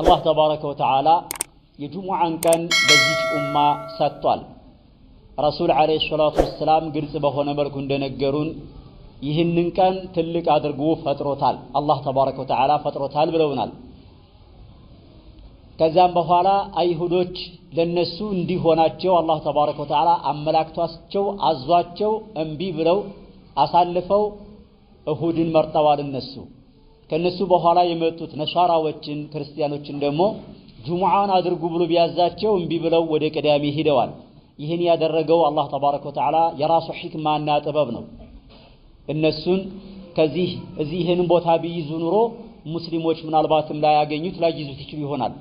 አላህ ተባረከ ወተዓላ የጅሙዓን ቀን በዚች ኡማ ሰጥቷል። ረሱል ዓለይሂ ሰላቱ ወሰላም ግልጽ በሆነ መልኩ እንደነገሩን ይህንን ቀን ትልቅ አድርጎ ፈጥሮታል፣ አላህ ተባረከ ወተዓላ ፈጥሮታል ብለውናል። ከዛም በኋላ አይሁዶች ለነሱ እንዲሆናቸው አላህ ተባረከ ወተዓላ አመላክቷቸው አዟቸው እምቢ ብለው አሳልፈው እሁድን መርጠዋል እነሱ ከነሱ በኋላ የመጡት ነሻራዎችን ክርስቲያኖችን ደግሞ ጁሙዓን አድርጉ ብሎ ቢያዛቸው እምቢ ብለው ወደ ቅዳሜ ሂደዋል። ይህን ያደረገው አላህ ተባረከ ወተዓላ የራሱ ሕክማና ጥበብ ነው። እነሱን ከዚህ እዚህ ይህን ቦታ ቢይዙ ኑሮ ሙስሊሞች ምናልባትም ላያገኙት ላይይዙት ይችሉ ይሆናል።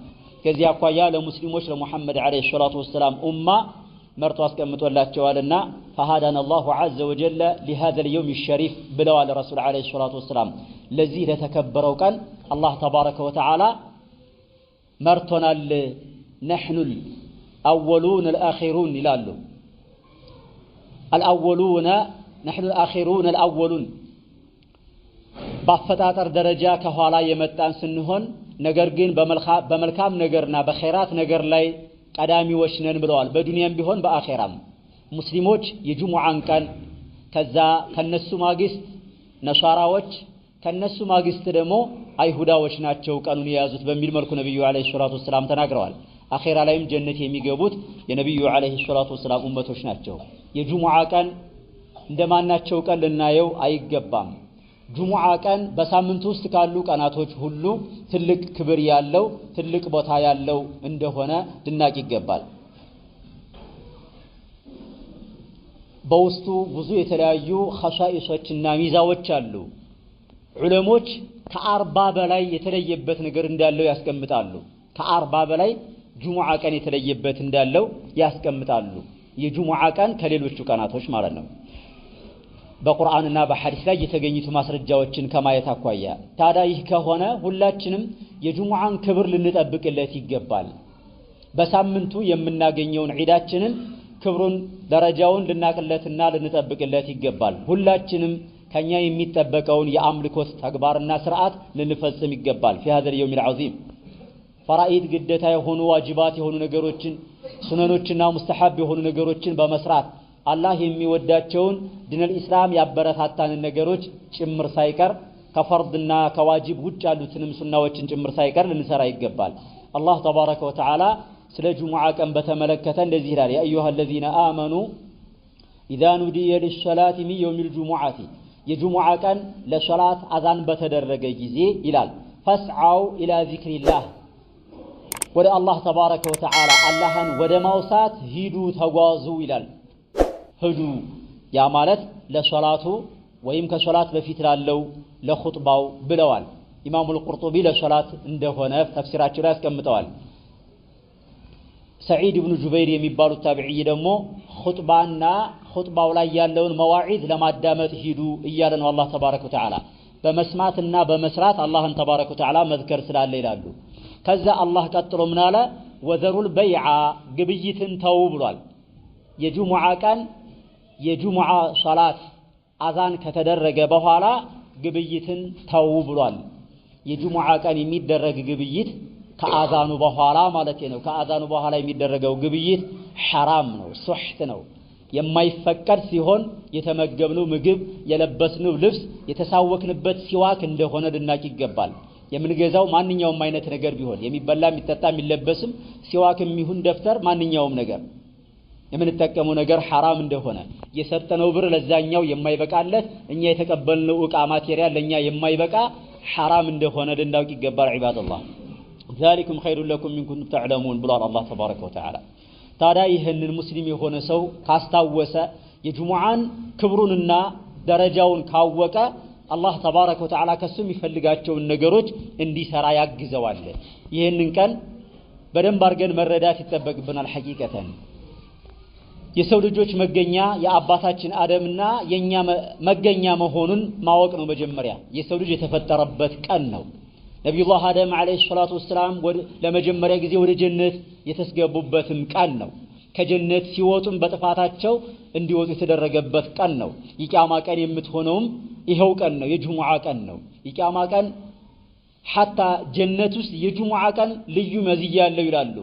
ከዚህ አኳያ ለሙስሊሞች ለሙሐመድ ዓለይሂ ሰላቱ ወሰላም ኡማ مرتوا اسكم متولا تشوالنا فهدانا الله عز وجل لهذا اليوم الشريف بلوى الرسول عليه الصلاة والسلام لذي لتكبروا كان الله تبارك وتعالى مرتنا نحن الأولون الآخرون لالو الأولون نحن الآخرون الأولون بفتاتر درجة كهوالا يمتان سنهن نقرقين بملكام نجرنا بخيرات نجر لاي ቀዳሚዎች ነን ብለዋል። በዱንያም ቢሆን በአኼራም ሙስሊሞች የጁሙዓን ቀን ከዛ ከነሱ ማግስት ነሷራዎች ከነሱ ማግስት ደግሞ አይሁዳዎች ናቸው ቀኑን የያዙት በሚል መልኩ ነብዩ አለይሂ ሰላቱ ወሰላም ተናግረዋል። አኼራ ላይም ጀነት የሚገቡት የነብዩ አለይሂ ሰላቱ ወሰላም ኡመቶች ናቸው። የጁሙዓ ቀን እንደማናቸው ቀን ልናየው አይገባም። ጁሙዓ ቀን በሳምንት ውስጥ ካሉ ቀናቶች ሁሉ ትልቅ ክብር ያለው ትልቅ ቦታ ያለው እንደሆነ ልናቅ ይገባል። በውስጡ ብዙ የተለያዩ ኸሳኢሶችና ሚዛዎች አሉ። ዑለሞች ከአርባ በላይ የተለየበት ነገር እንዳለው ያስቀምጣሉ። ከአርባ በላይ ጁሙዓ ቀን የተለየበት እንዳለው ያስቀምጣሉ። የጁሙዓ ቀን ከሌሎቹ ቀናቶች ማለት ነው። በቁርአንና በሐዲስ ላይ የተገኙት ማስረጃዎችን ከማየት አኳያ ታዲያ ይህ ከሆነ ሁላችንም የጅሙዓን ክብር ልንጠብቅለት ይገባል። በሳምንቱ የምናገኘውን ዒዳችንን ክብሩን፣ ደረጃውን ልናቅለትና ልንጠብቅለት ይገባል። ሁላችንም ከኛ የሚጠበቀውን የአምልኮት ተግባርና ስርዓት ልንፈጽም ይገባል። ፊ ሀዘል የውሚል ዐዚም ፈራኢድ ግዴታ የሆኑ ዋጅባት የሆኑ ነገሮችን ሱነኖችና ሙስተሐብ የሆኑ ነገሮችን በመስራት አላህ የሚወዳቸውን ድነል ኢስላም ያበረታታንን ነገሮች ጭምር ሳይቀር ከፈርድና ከዋጅብ ውጭ ያሉትንም ሱናዎችን ጭምር ሳይቀር ልንሰራ ይገባል። አላህ ተባረከ ወተዓላ ስለ ጁሙዓ ቀን በተመለከተ እንደዚህ ይላል፣ ያ አዩሃ አለዚነ አመኑ ኢዛ ኑዲየ ሊሰላቲ ሚን የውሚል ጁሙዓቲ፣ የጁሙዓ ቀን ለሰላት አዛን በተደረገ ጊዜ ይላል ፈስዓው ኢላ ዚክሪላህ፣ ወደ አላህ ተባረከ ወተዓላ አላህን ወደ ማውሳት ሂዱ ተጓዙ ይላል። ሂዱ። ያ ማለት ለሶላቱ ወይም ከሶላት በፊት ላለው ለኹጥባው ብለዋል። ኢማሙል ቁርጡቢ ለሶላት እንደሆነ ተፍሲራቸው ላይ አስቀምጠዋል። ሰዒድ ብኑ ጁበይር የሚባሉት ታቢዕይ ደግሞ ኹጥባና ኹጥባው ላይ ያለውን መዋዒዝ ለማዳመጥ ሂዱ እያለ ነው አላህ ተባረከ ወተዓላ። በመስማትና በመስራት አላህን ተባረከ ወተዓላ መዝከር ስላለ ይላሉ። ከዛ አላህ ቀጥሎ ምን አለ? ወዘሩል በይዓ ግብይትን ተው ብሏል። የጁሙዓ ቀን የጁሙዓ ሶላት አዛን ከተደረገ በኋላ ግብይትን ተው ብሏል። የጁሙዓ ቀን የሚደረግ ግብይት ከአዛኑ በኋላ ማለት ነው። ከአዛኑ በኋላ የሚደረገው ግብይት ሐራም ነው፣ ሱሕት ነው፣ የማይፈቀድ ሲሆን የተመገብነው ምግብ፣ የለበስነው ልብስ፣ የተሳወክንበት ሲዋክ እንደሆነ ልናቅ ይገባል። የምንገዛው ማንኛውም አይነት ነገር ቢሆን የሚበላ የሚጠጣ የሚለበስም ሲዋክ የሚሁን ደብተር ማንኛውም ነገር የምንጠቀመው ነገር ሐራም እንደሆነ የሰጠነው ብር ለዛኛው የማይበቃለት እኛ የተቀበልነው ዕቃ ማቴሪያል ለእኛ የማይበቃ ሐራም እንደሆነ ልናውቅ ይገባል። ዒባደላህ ዛሊኩም ኸይሩን ለኩም ኢን ኩንቱም ተዕለሙን ብሏል አላህ ተባረከ ወተዓላ። ታዲያ ይህንን ሙስሊም የሆነ ሰው ካስታወሰ የጅሙዓን ክብሩንና ደረጃውን ካወቀ አላህ ተባረከ ወተዓላ ከሱ የሚፈልጋቸውን ነገሮች እንዲሰራ ያግዘዋል። ይህንን ቀን በደንብ አድርገን መረዳት ይጠበቅብናል ሐቂቀተን የሰው ልጆች መገኛ የአባታችን አደምና የኛ መገኛ መሆኑን ማወቅ ነው። መጀመሪያ የሰው ልጅ የተፈጠረበት ቀን ነው። ነቢዩላህ አደም ዓለይሂ ሰላቱ ወሰላም ለመጀመሪያ ጊዜ ወደ ጀነት የተስገቡበትም ቀን ነው። ከጀነት ሲወጡም በጥፋታቸው እንዲወጡ የተደረገበት ቀን ነው። የቂያማ ቀን የምትሆነውም ይኸው ቀን ነው። የጅሙዓ ቀን ነው። የቂያማ ቀን ሐታ ጀነት ውስጥ የጅሙዓ ቀን ልዩ መዝያ አለው ይላሉ።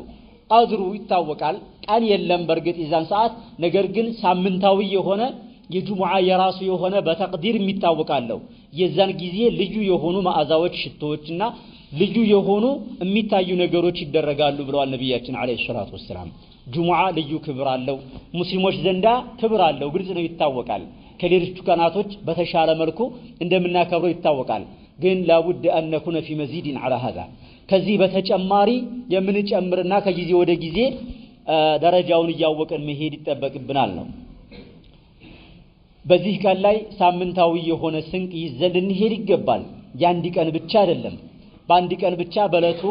አድሩ ይታወቃል ቀን የለም በእርግጥ የዛን ሰዓት ነገር ግን ሳምንታዊ የሆነ የጁሙዓ የራሱ የሆነ በተቅዲር የሚታወቃለው የዛን ጊዜ ልዩ የሆኑ መዓዛዎች፣ ሽቶዎችና ልዩ የሆኑ የሚታዩ ነገሮች ይደረጋሉ ብለዋል ነቢያችን ዓለይሂ ሰላቱ ወሰላም። ጁሙዓ ልዩ ክብር አለው፣ ሙስሊሞች ዘንዳ ክብር አለው። ግልጽ ነው፣ ይታወቃል። ከሌሎቹ ቀናቶች በተሻለ መልኩ እንደምናከብረው ይታወቃል። ግን ላቡድ አነኩነ ፊ መዚድን ዓላ ሀዛ ከዚህ በተጨማሪ የምንጨምርና ከጊዜ ወደ ጊዜ ደረጃውን እያወቀን መሄድ ይጠበቅብናል ነው። በዚህ ቀን ላይ ሳምንታዊ የሆነ ስንቅ ይዘን ልንሄድ ይገባል። የአንድ ቀን ብቻ አይደለም። በአንድ ቀን ብቻ በእለቱ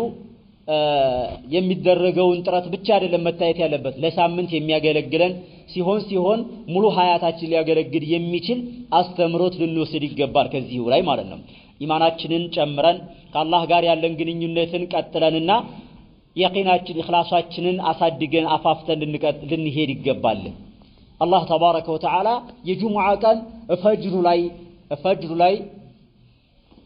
የሚደረገውን ጥረት ብቻ አይደለም መታየት ያለበት ለሳምንት የሚያገለግለን ሲሆን ሲሆን ሙሉ ሀያታችን ሊያገለግል የሚችል አስተምሮት ልንወስድ ይገባል ከዚሁ ላይ ማለት ነው። ኢማናችንን ጨምረን ከአላህ ጋር ያለን ግንኙነትን ቀጥለንና የቂናችን እኽላሳችንን አሳድገን አፋፍተን ልንሄድ ይገባል። አላህ ተባረከ ወተዓላ የጁሙዓ ቀን ፈጅሩ ላይ ፈጅሩ ላይ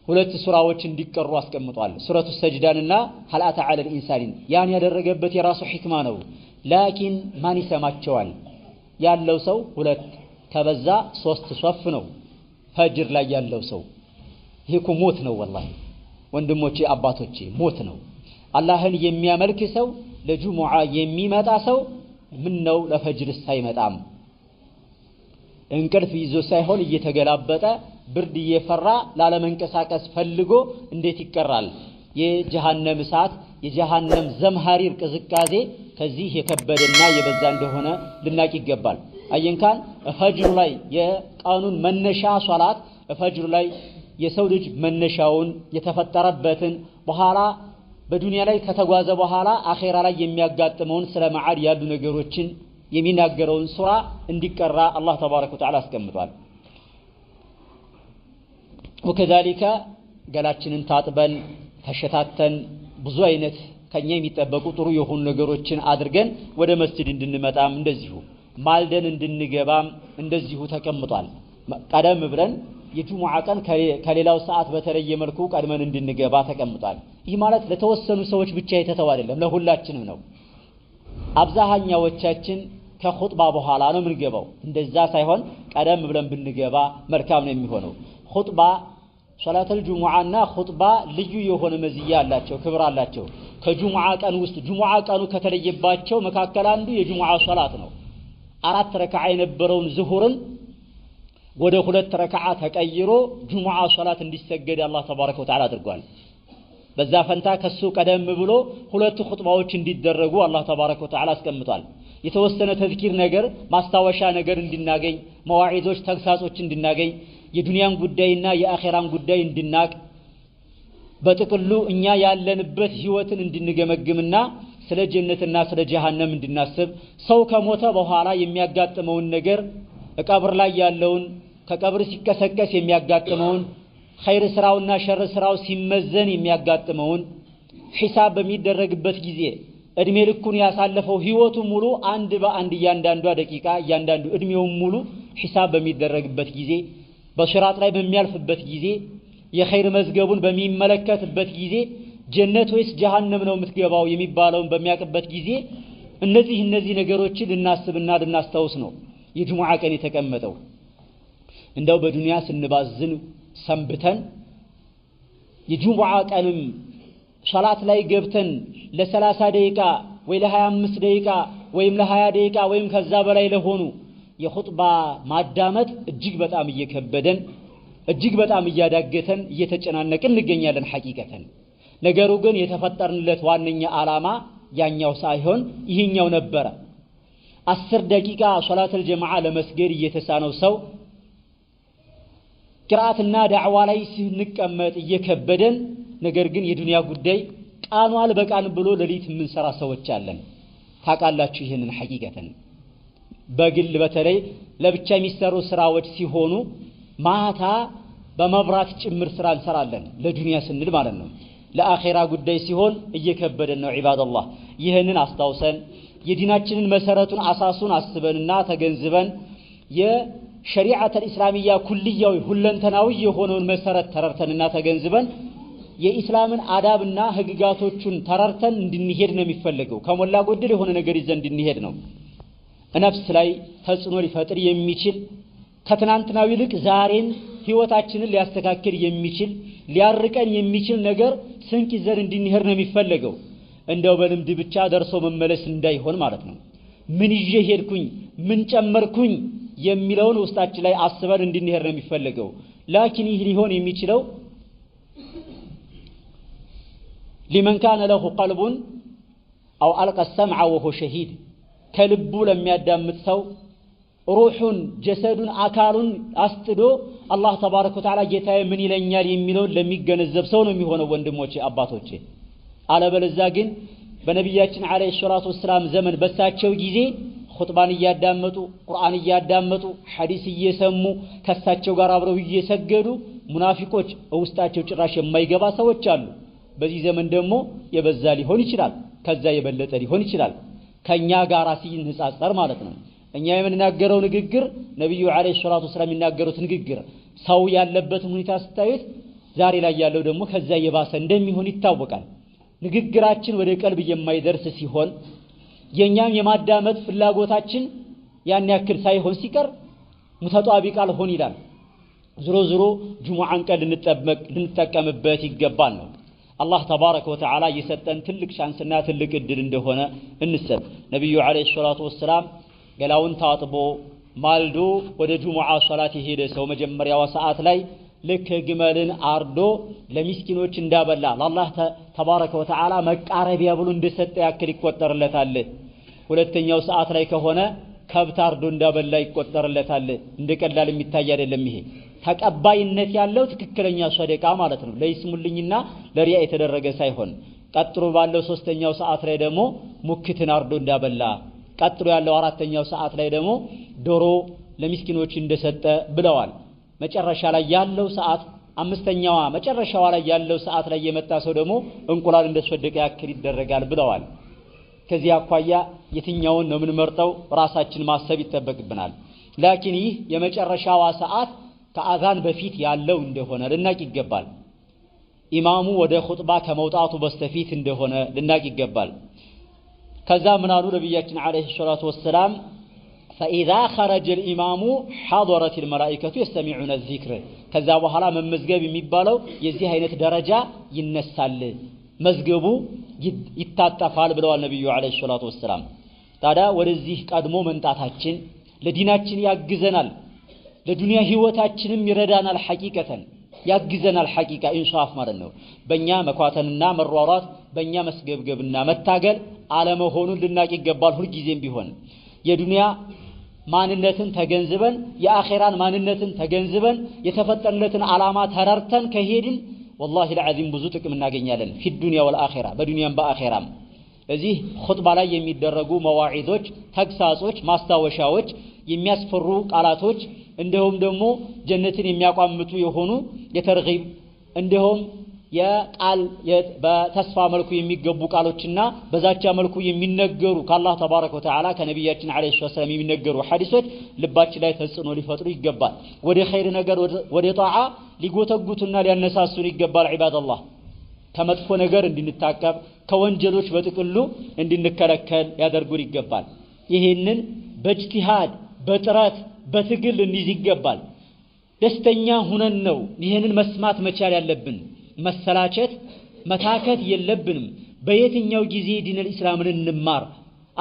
ሁለት ሱራዎች እንዲቀሩ አስቀምጧል። ሱረቱ ሰጅዳንና ሀልአተ ዓለ ኢንሳኒን። ያን ያደረገበት የራሱ ሒክማ ነው። ላኪን ማን ይሰማቸዋል? ያለው ሰው ሁለት ከበዛ ሶስት ሶፍ ነው። ፈጅር ላይ ያለው ሰው ይህ እኮ ሞት ነው። ወላሂ ወንድሞቼ፣ አባቶቼ ሞት ነው። አላህን የሚያመልክ ሰው ለጁሙዓ የሚመጣ ሰው ምን ነው ለፈጅርስ አይመጣም? እንቅልፍ ይዞ ሳይሆን እየተገላበጠ ብርድ እየፈራ ላለመንቀሳቀስ ፈልጎ እንዴት ይቀራል? የጀሃነም እሳት የጀሃነም ዘምሃሪር ቅዝቃዜ ከዚህ የከበደና የበዛ እንደሆነ ልናቅ ይገባል። አየንካን ፈጅሩ ላይ የቀኑን መነሻ ሶላት ፈጅሩ ላይ የሰው ልጅ መነሻውን የተፈጠረበትን በኋላ በዱንያ ላይ ከተጓዘ በኋላ አኼራ ላይ የሚያጋጥመውን ስለ መዓድ ያሉ ነገሮችን የሚናገረውን ሱራ እንዲቀራ አላህ ተባረከ ወተዓላ አስቀምጧል። ወከዛሊከ ገላችንን ታጥበን ተሸታተን ብዙ አይነት ከኛ የሚጠበቁ ጥሩ የሆኑ ነገሮችን አድርገን ወደ መስጅድ እንድንመጣም እንደዚሁ ማልደን እንድንገባም እንደዚሁ ተቀምጧል። ቀደም ብለን የጁሙዓ ቀን ከሌላው ሰዓት በተለየ መልኩ ቀድመን እንድንገባ ተቀምጧል። ይህ ማለት ለተወሰኑ ሰዎች ብቻ የተተው አይደለም፣ ለሁላችንም ነው። አብዛኛዎቻችን ከኹጥባ በኋላ ነው የምንገባው። እንደዛ ሳይሆን ቀደም ብለን ብንገባ መልካም ነው የሚሆነው። ኹጥባ ሶላተል ጁሙዓ እና ኹጥባ ልዩ የሆነ መዝያ አላቸው፣ ክብር አላቸው። ከጁሙዓ ቀን ውስጥ ጁሙዓ ቀኑ ከተለየባቸው መካከል አንዱ የጁሙዓ ሶላት ነው። አራት ረካዓ የነበረውን ዝሁርን ወደ ሁለት ረክዓ ተቀይሮ ጁሙዓ ሶላት እንዲሰገድ አላህ ተባረከ ወተዓላ አድርጓል። በዛ ፈንታ ከሱ ቀደም ብሎ ሁለቱ ኹጥባዎች እንዲደረጉ አላህ ተባረከ ወተዓላ አስቀምጧል። የተወሰነ ተዝኪር ነገር ማስታወሻ ነገር እንድናገኝ፣ መዋዒዞች፣ ተግሳጾች እንድናገኝ፣ የዱንያን ጉዳይና የአኼራን ጉዳይ እንድናቅ፣ በጥቅሉ እኛ ያለንበት ህይወትን እንድንገመግምና ስለ ጀነትና ስለ ጀሃነም እንድናስብ ሰው ከሞተ በኋላ የሚያጋጥመውን ነገር ቀብር ላይ ያለውን ከቀብር ሲቀሰቀስ የሚያጋጥመውን ኸይር ስራውና ሸር ስራው ሲመዘን የሚያጋጥመውን ሒሳብ በሚደረግበት ጊዜ እድሜ ልኩን ያሳለፈው ህይወቱ ሙሉ አንድ በአንድ እያንዳንዷ ደቂቃ እያንዳንዱ እድሜውን ሙሉ ሒሳብ በሚደረግበት ጊዜ በሽራጥ ላይ በሚያልፍበት ጊዜ የኸይር መዝገቡን በሚመለከትበት ጊዜ ጀነት ወይስ ጀሃነም ነው የምትገባው የሚባለውን በሚያውቅበት ጊዜ እነዚህ እነዚህ ነገሮችን ልናስብና ልናስታውስ ነው የጅሙዓ ቀን የተቀመጠው። እንደው በዱንያ ስንባዝን ሰንብተን የጁሙዓ ቀንም ሶላት ላይ ገብተን ለሰላሳ ደቂቃ ወይ ለሀያ አምስት ደቂቃ ወይም ለሀያ ደቂቃ ወይም ከዛ በላይ ለሆኑ የኹጥባ ማዳመጥ እጅግ በጣም እየከበደን እጅግ በጣም እያዳገተን እየተጨናነቅን እንገኛለን። ሐቂቀተን ነገሩ ግን የተፈጠርንለት ዋነኛ ዓላማ ያኛው ሳይሆን ይህኛው ነበረ። አስር ደቂቃ ሶላተል ጀማዓ ለመስገድ እየተሳነው ሰው ቅርአትና ዳዕዋ ላይ ስንቀመጥ እየከበደን፣ ነገር ግን የዱንያ ጉዳይ ቃኗል በቃን ብሎ ሌሊት የምንሰራ ሰዎች አለን። ታውቃላችሁ ይህንን ሐቂቀትን በግል በተለይ ለብቻ የሚሰሩ ስራዎች ሲሆኑ ማታ በመብራት ጭምር ስራ እንሰራለን፣ ለዱንያ ስንል ማለት ነው። ለአኼራ ጉዳይ ሲሆን እየከበደን ነው። ዒባደላህ ይህንን አስታውሰን የዲናችንን መሰረቱን አሳሱን አስበንና ተገንዝበን ሸሪዓተል ኢስላሚያ ኩልያዊ ሁለንተናዊ የሆነውን መሰረት ተረርተንና ተገንዝበን የኢስላምን አዳብና ህግጋቶቹን ተረርተን እንድንሄድ ነው የሚፈለገው። ከሞላ ጎደል የሆነ ነገር ይዘን እንድንሄድ ነው። ነፍስ ላይ ተጽዕኖ ሊፈጥር የሚችል ከትናንትናው ይልቅ ዛሬን ህይወታችንን ሊያስተካክል የሚችል ሊያርቀን የሚችል ነገር ስንቅ ይዘን እንድንሄድ ነው የሚፈለገው። እንደው በልምድ ብቻ ደርሶ መመለስ እንዳይሆን ማለት ነው። ምን ይዤ ሄድኩኝ? ምን ጨመርኩኝ? የሚለውን ውስጣችን ላይ አስበን እንድንሄድ ነው የሚፈለገው። ላኪን ይህ ሊሆን የሚችለው ሊመን ካነ ለሁ ቀልቡን አው አልቀ ሰምዐ ወሆ ሸሂድ ከልቡ ለሚያዳምጥ ሰው ሩሑን፣ ጀሰዱን፣ አካሉን አስጥዶ አላህ ተባረከ ወተዓላ ጌታዬ ምን ይለኛል የሚለውን ለሚገነዘብ ሰው ነው የሚሆነው። ወንድሞቼ አባቶቼ፣ አለበለዛ ግን በነቢያችን ዓለይሂ ሰላቱ ወሰላም ዘመን በሳቸው ጊዜ ኹጥባን እያዳመጡ ቁርአን እያዳመጡ ሐዲስ እየሰሙ ከሳቸው ጋር አብረው እየሰገዱ ሙናፊቆች ውስጣቸው ጭራሽ የማይገባ ሰዎች አሉ። በዚህ ዘመን ደግሞ የበዛ ሊሆን ይችላል፣ ከዛ የበለጠ ሊሆን ይችላል። ከኛ ጋር ሲንጻጸር ማለት ነው። እኛ የምንናገረው ንግግር ነቢዩ ዓለይሂ ሰላቱ ወሰላም የሚናገሩት ንግግር ሰው ያለበትን ሁኔታ ስታዩት፣ ዛሬ ላይ ያለው ደግሞ ከዛ የባሰ እንደሚሆን ይታወቃል። ንግግራችን ወደ ቀልብ የማይደርስ ሲሆን የእኛም የማዳመጥ ፍላጎታችን ያን ያክል ሳይሆን ሲቀር ቃል ሆን ይላል። ዝሮ ዝሮ ጁሙዓን ቀን ልንጠቀምበት ይገባል ነው። አላህ ተባረከ ወተዓላ እየሰጠን ትልቅ ሻንስና ትልቅ እድል እንደሆነ እንሰጥ። ነቢዩ ዓለይሂ ሰላቱ ወሰላም ገላውን ታጥቦ ማልዶ ወደ ጁሙዓ ሶላት የሄደ ሰው መጀመሪያዋ ሰዓት ላይ ልክ ግመልን አርዶ ለሚስኪኖች እንዳበላ ለአላህ ተባረከ ወተዓላ መቃረቢያ ብሎ እንደሰጠ ያክል ይቆጠርለታል። ሁለተኛው ሰዓት ላይ ከሆነ ከብት አርዶ እንዳበላ ይቆጠርለታል። እንደ ቀላል የሚታይ አይደለም። ይሄ ተቀባይነት ያለው ትክክለኛ ሰደቃ ማለት ነው። ለይስሙልኝና ለሪያ የተደረገ ሳይሆን ቀጥሮ ባለው ሶስተኛው ሰዓት ላይ ደግሞ ሙክትን አርዶ እንዳበላ፣ ቀጥሎ ያለው አራተኛው ሰዓት ላይ ደግሞ ዶሮ ለሚስኪኖች እንደሰጠ ብለዋል። መጨረሻ ላይ ያለው ሰዓት አምስተኛዋ መጨረሻዋ ላይ ያለው ሰዓት ላይ የመጣ ሰው ደግሞ እንቁላል እንደሰደቀ ያክል ይደረጋል ብለዋል። ከዚህ አኳያ የትኛውን ነው የምንመርጠው? ራሳችን ማሰብ ይጠበቅብናል። ላኪን ይህ የመጨረሻዋ ሰዓት ከአዛን በፊት ያለው እንደሆነ ልናቅ ይገባል። ኢማሙ ወደ ኹጥባ ከመውጣቱ በስተፊት እንደሆነ ልናቅ ይገባል። ከዛ ምናሉ ነቢያችን ዓለይሂ ሰላቱ ወሰላም ፈኢዛ ኸረጀ ልኢማሙ ሐضረት ልመላኢከቱ የስተሚዑነ ዚክር። ከዛ በኋላ መመዝገብ የሚባለው የዚህ አይነት ደረጃ ይነሳል፣ መዝገቡ ይታጠፋል ብለዋል ነቢዩ ዓለይሂ ሰላቱ ወሰላም። ታዲያ ወደዚህ ቀድሞ መምጣታችን ለዲናችን ያግዘናል፣ ለዱንያ ህይወታችንም ይረዳናል። ሐቂቀተን ያግዘናል። ሐቂቃ ኢንሳፍ ማለት ነው። በእኛ መኳተንና መሯሯት፣ በእኛ መስገብገብና መታገል አለመሆኑን ልናቅ ይገባል። ሁልጊዜም ቢሆን የዱንያ ማንነትን ተገንዝበን የአኼራን ማንነትን ተገንዝበን የተፈጠርለትን ዓላማ ተረርተን ከሄድን ወላሂ ልዓዚም ብዙ ጥቅም እናገኛለን። ፊ ዱንያ ወልአኼራ በዱንያም በአኼራም። እዚህ ኹጥባ ላይ የሚደረጉ መዋዒዞች፣ ተግሳጾች፣ ማስታወሻዎች፣ የሚያስፈሩ ቃላቶች እንዲሁም ደግሞ ጀነትን የሚያቋምጡ የሆኑ የተርጊብ እንዲሁም የቃል በተስፋ መልኩ የሚገቡ ቃሎችና በዛቻ መልኩ የሚነገሩ ከአላህ ተባረከ ወተዓላ ከነቢያችን ዓለይሂ ሰላም የሚነገሩ ሐዲሶች ልባችን ላይ ተጽዕኖ ሊፈጥሩ ይገባል። ወደ ኸይር ነገር ወደ ጣዓ ሊጎተጉቱና ሊያነሳሱን ይገባል። ዒባደላህ ከመጥፎ ነገር እንድንታቀብ ከወንጀሎች በጥቅሉ እንድንከለከል ያደርጉን ይገባል። ይህንን በእጅቲሃድ በጥረት በትግል እንይዝ ይገባል። ደስተኛ ሁነን ነው ይህንን መስማት መቻል ያለብን። መሰላቸት፣ መታከት የለብንም። በየትኛው ጊዜ ዲነል ኢስላምን እንማር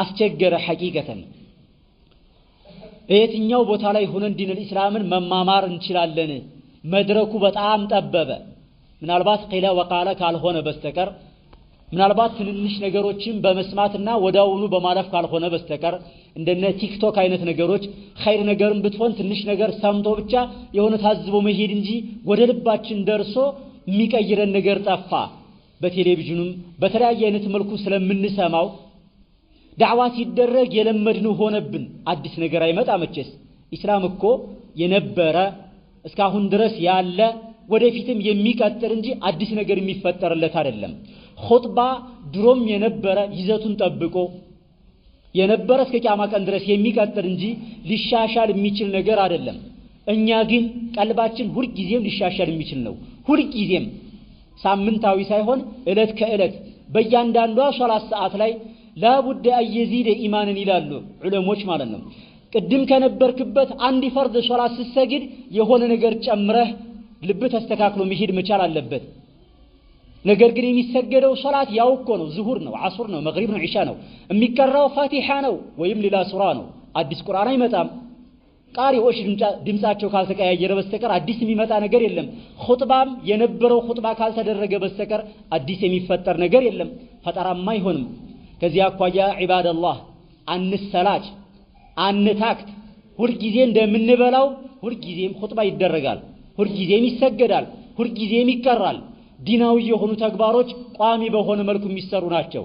አስቸገረ ሐቂቀተን በየትኛው ቦታ ላይ ሆነን ዲነል ኢስላምን መማማር እንችላለን? መድረኩ በጣም ጠበበ። ምናልባት ቂለ ወቃለ ካልሆነ በስተቀር ምናልባት ትንንሽ ነገሮችን በመስማትና ወዳውኑ በማለፍ ካልሆነ በስተቀር እንደነ ቲክቶክ አይነት ነገሮች ኸይር ነገርን ብትሆን ትንሽ ነገር ሰምቶ ብቻ የሆነ ታዝቦ መሄድ እንጂ ወደ ልባችን ደርሶ የሚቀይረን ነገር ጠፋ። በቴሌቪዥኑም በተለያየ አይነት መልኩ ስለምንሰማው ዳዕዋ ሲደረግ የለመድነው ሆነብን። አዲስ ነገር አይመጣ መቼስ። ኢስላም እኮ የነበረ እስካሁን ድረስ ያለ ወደፊትም የሚቀጥል እንጂ አዲስ ነገር የሚፈጠርለት አይደለም። ኹጥባ ድሮም የነበረ ይዘቱን ጠብቆ የነበረ እስከ ቂያማ ቀን ድረስ የሚቀጥል እንጂ ሊሻሻል የሚችል ነገር አይደለም። እኛ ግን ቀልባችን ሁልጊዜም ሊሻሻል የሚችል ነው። ሁልጊዜም ሳምንታዊ ሳይሆን እለት ከእለት በእያንዳንዷ ሶላት ሰዓት ላይ ላቡደ አየዚደ ኢማንን ይላሉ ዑለሞች ማለት ነው። ቅድም ከነበርክበት አንድ ፈርድ ሶላት ስትሰግድ የሆነ ነገር ጨምረህ ልብ ተስተካክሎ መሄድ መቻል አለበት። ነገር ግን የሚሰገደው ሶላት ያው እኮ ነው። ዝሁር ነው፣ አሱር ነው፣ መግሪብ ነው፣ ዒሻ ነው። የሚቀራው ፋቲሓ ነው ወይም ሌላ ሱራ ነው። አዲስ ቁርአን አይመጣም። ቃሪዎች ድምፃቸው ካልተቀያየረ በስተቀር አዲስ የሚመጣ ነገር የለም። ኹጥባም የነበረው ኹጥባ ካልተደረገ በስተቀር አዲስ የሚፈጠር ነገር የለም። ፈጠራማ አይሆንም። ከዚህ አኳያ ዒባደላህ አንሰላች፣ አንታክት። ሁልጊዜ እንደምንበላው ሁልጊዜም ኹጥባ ይደረጋል፣ ሁልጊዜም ይሰገዳል፣ ሁልጊዜም ይቀራል። ዲናዊ የሆኑ ተግባሮች ቋሚ በሆነ መልኩ የሚሰሩ ናቸው።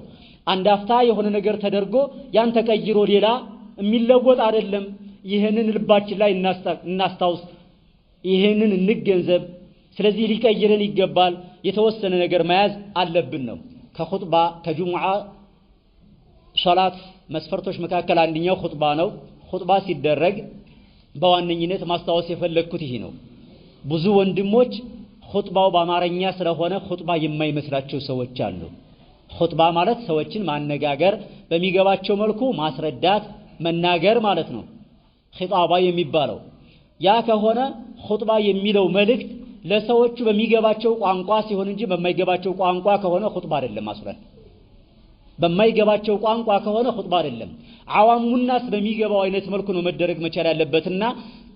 አንድ አፍታ የሆነ ነገር ተደርጎ ያን ተቀይሮ ሌላ የሚለወጥ አይደለም። ይህንን ልባችን ላይ እናስታውስ፣ ይህንን እንገንዘብ። ስለዚህ ሊቀይረን ይገባል። የተወሰነ ነገር መያዝ አለብን ነው። ከኹጥባ ከጁሙዓ ሶላት መስፈርቶች መካከል አንደኛው ኹጥባ ነው። ኹጥባ ሲደረግ በዋነኝነት ማስታወስ የፈለግኩት ይሄ ነው። ብዙ ወንድሞች ኹጥባው በአማርኛ ስለሆነ ኹጥባ የማይመስላቸው ሰዎች አሉ። ኹጥባ ማለት ሰዎችን ማነጋገር፣ በሚገባቸው መልኩ ማስረዳት፣ መናገር ማለት ነው። ኺጣባ የሚባለው ያ ከሆነ ኹጥባ የሚለው መልእክት ለሰዎቹ በሚገባቸው ቋንቋ ሲሆን እንጂ በማይገባቸው ቋንቋ ከሆነ ኹጥባ አይደለም። አስረን በማይገባቸው ቋንቋ ከሆነ ኹጥባ አይደለም። አዋሙናስ በሚገባው አይነት መልኩ ነው መደረግ መቻል ያለበትና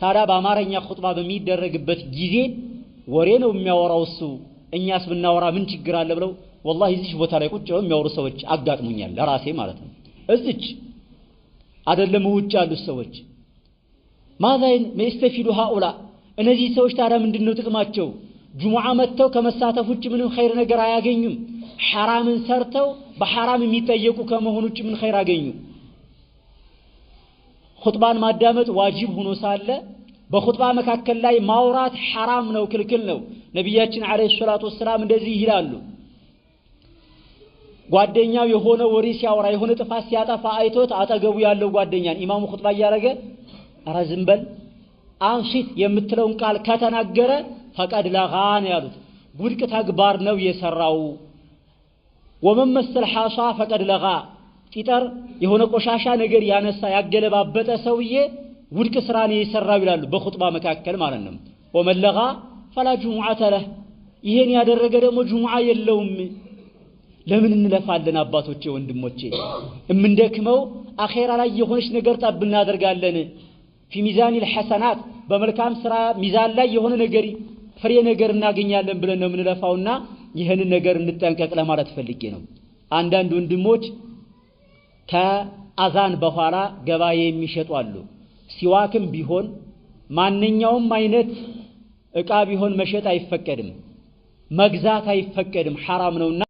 ታዲያ በአማርኛ ኹጥባ በሚደረግበት ጊዜ ወሬ ነው የሚያወራው እሱ፣ እኛስ ብናወራ ምን ችግር አለ ብለው ወላሂ እዚች ቦታ ላይ ቁጭ ብለው የሚያወሩ ሰዎች አጋጥሞኛል፣ ለራሴ ማለት ነው። እዚች አይደለም ውጭ ያሉት ሰዎች ማዛይን መስተፊዱ ሃኡላ እነዚህ ሰዎች ታዲያ ምንድን ነው ጥቅማቸው? ጁሙዓ መጥተው ከመሳተፍ ውጭ ምንም ኸይር ነገር አያገኙም። ሐራምን ሰርተው በሐራም የሚጠየቁ ከመሆን ውጭ ምን ኸይር አገኙ? ኹጥባን ማዳመጥ ዋጅብ ሆኖ ሳለ በኹጥባ መካከል ላይ ማውራት ሐራም ነው፣ ክልክል ነው። ነቢያችን ዓለይሂ ሰላቱ ወሰላም እንደዚህ ይላሉ። ጓደኛው የሆነ ወሬ ሲያወራ የሆነ ጥፋት ሲያጠፋ አይቶት አጠገቡ ያለው ጓደኛን ኢማሙ ኹጥባ እያደረገ አረ ዝም በል የምትለውን ቃል ከተናገረ ፈቀድ ለኻን ያሉት ውድቅ ተግባር ነው የሰራው። ወመን መሰል ሐሷ ፈቀድ ለኻ ጢጠር የሆነ ቆሻሻ ነገር ያነሳ ያገለባበጠ ሰውዬ ውድቅ ስራ ነው የሰራው ይላሉ፣ በኹጥባ መካከል ማለት ነው። ወመን ለኻ ፈላ ጅሙዓ ተለህ ይሄን ያደረገ ደግሞ ጅሙዓ የለውም። ለምን እንለፋለን አባቶቼ፣ ወንድሞቼ? እምንደክመው አኼራ ላይ የሆነች ነገር ጠብ እናደርጋለን። ፊ ሚዛኒል ሐሰናት በመልካም ስራ ሚዛን ላይ የሆነ ነገር ፍሬ ነገር እናገኛለን ብለን ነው የምንለፋውና ይህንን ነገር እንጠንቀቅ ለማለት ፈልጌ ነው። አንዳንድ ወንድሞች ከአዛን በኋላ ገበያ የሚሸጡ አሉ። ሲዋክም ቢሆን ማንኛውም አይነት እቃ ቢሆን መሸጥ አይፈቀድም፣ መግዛት አይፈቀድም፣ ሐራም ነውና